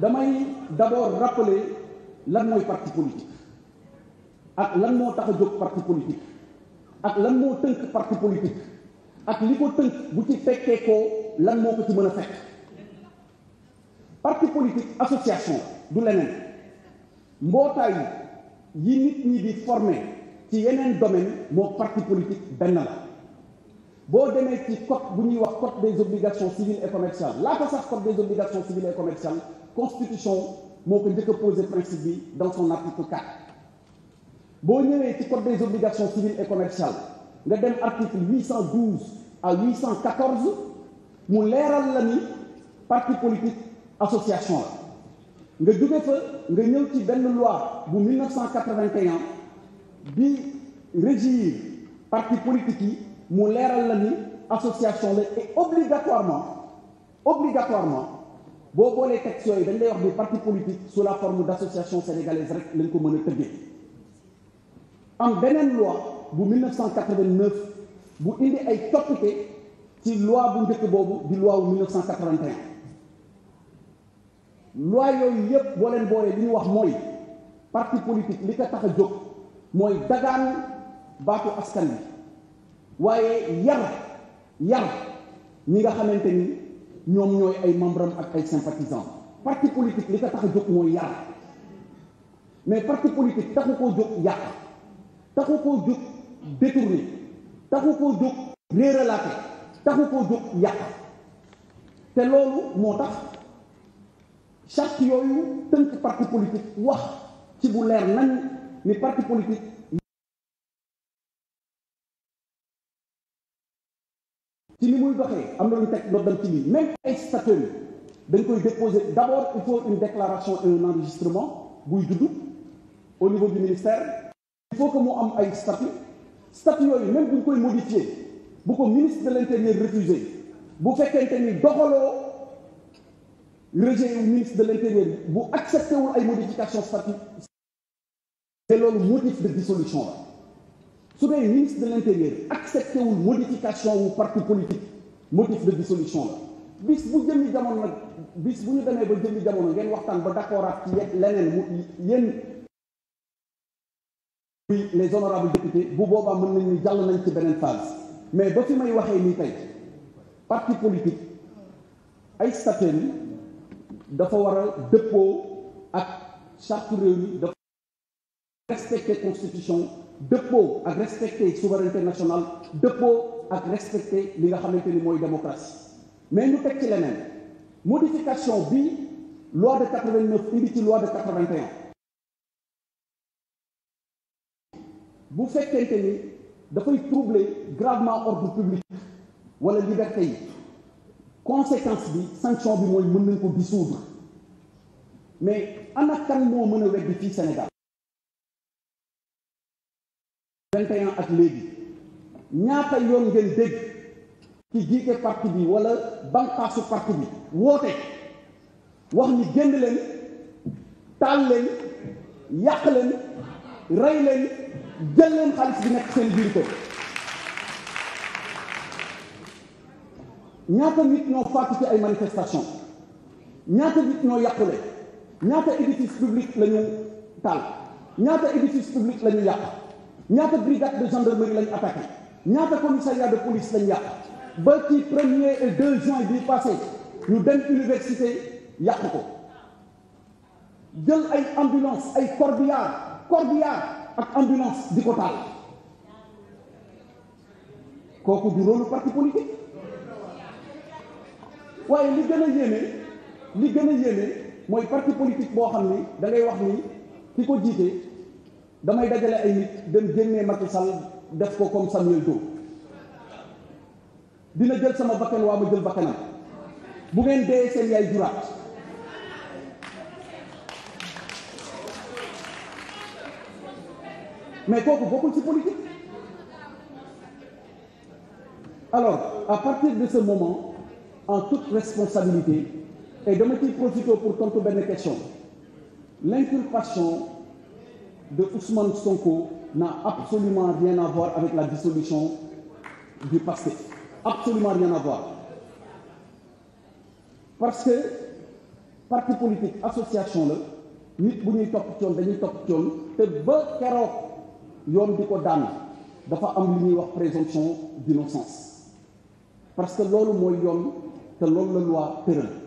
damay d'abord rappeler lan mooy parti politique ak lan moo tax a jóg parti politique ak lan moo tënk parti politique ak li ko tënk bu ci fekkee ko lan moo ko ci mën a fekk parti politique association du leneen mbootaay yi nit ñi di formé ci yeneen domaine moo parti politique benn la boo demee ci code bu ñuy wax code des obligations civiles et commerciales laata sax code des obligations civiles et commerciales constitution moo ko njëkk a posé principe bi dans son article 4 boo ñëwee ci code des obligations civiles et commerciales nga dem article 812 à 814 mu leeral la parti politique association la nga jóge fa nga ñëw ci benn loi bu 1981 bi régir parti politique yi mu leeral la ni association la et obligatoirement obligatoirement boo boolee texte yooyu dañ lay wax ni parti politique su la forme d' association sénégalaise rek lañ ko mën a tëggee am beneen loi bu 1989 bu indi ay coppite ci loi bu njëkk boobu di loi wu 1981 loi yooyu yépp boo leen boolee li ñu wax mooy parti politique li ko tax a jóg mooy dagaan baatu askan wi waaye yar yar ñi nga xamante ni ñoom ñooy ay membre ak ay sympathisants parti politique li ko tax a jóg mooy yar mais parti politique taxu koo jóg yàq taxu koo jóg détourné taxu koo jóg réeralaate taxu koo jóg yàq te loolu moo tax charte yooyu tënk parti politique wax ci bu leer nañ ni parti politique ci ni muy doxee am na lu ñu teg ndoddam même ay statut dañ koy déposer d' abord il faut une déclaration et un enregistrement buy juddu au niveau du ministère il faut que mu am ay statut statut yooyu même bu ñu koy modifier bu ko ministre de l' intérieur refusé bu fekkente ni doxaloo rejet yu ministre de l' intérieur bu accepté wul ay modification statut te loolu motif de dissolution la su dee ministre de l' intérieur accepté wul modification wu parti politique motif de dissolution la bis bu jëmmi jamono nag bu ñu demee ba jëmmi jamono ngeen waxtaan ba d' accord ak ci leneen mu yéen les honorables députés bu boobaa mën nañ ni jàll nañ ci beneen phase mais ba fi may waxee nii tey parti politique ay statut dafa war a dëppoo ak charte réew mi dafa respecter constitution dëppoo ak respecter souveraineté nationale dëppoo ak respecter li nga xamante ni mooy démocratie mais ñu teg ci leneen modification bi loi de 89 indi ci loi de 81 bu fekkente ni dafay troubler gravement ordre public wala liberté yi conséquence bi sanction bi mooy mën nañ ko dissoudre mais ana kan moo mën a weddi fii Sénégal 21 ak léegi ñaata yoon ngeen dégg ci jiite parti bi wala banqaasu parti bi woote wax ni génn leen taal leen yàq leen rey leen jël leen xaalis bi nekk seen biir ko ñaata nit ñoo faatu ci ay manifestation ñaata nit ñoo yàqule ñaata édifice public la taal ñaata édifice public la ñu yàq ñaata brigade de gendarmerie lañ attaqué ñaata commissariat de police lañ yàq ba ci premier et deux juin bii passé ñu dem université yàqu ko jël ay ambulance ay corbillard corbillard ak ambulance di ko taal kooku du rôle parti politique waaye li gën a yéeme li gën a yéeme mooy parti politique boo xam ni da ngay wax ni ki ko jiite damay dajale ay nit dem génnee Macky Sall def ko comme Samuel Doe dina jël sama bakkan waa ma jël bakkanam bu ngeen dee seen yaay juraat mais kooku bokkul ci politique alors à partir de ce moment en toute responsabilité et dama ciy profité pour tontu benn question l'inculpation de Ousmane Sonko n'a absolument rien à voir avec la dissolution du passé. Absolument rien à voir. Parce que parti politique, association, la nit bu ñuy topp coon dañuy topp coon te ba keroog yoon di ko daan dafa am lu ñuy wax présomption d'innocence parce que loolu mooy yoon te loolu la loi tëral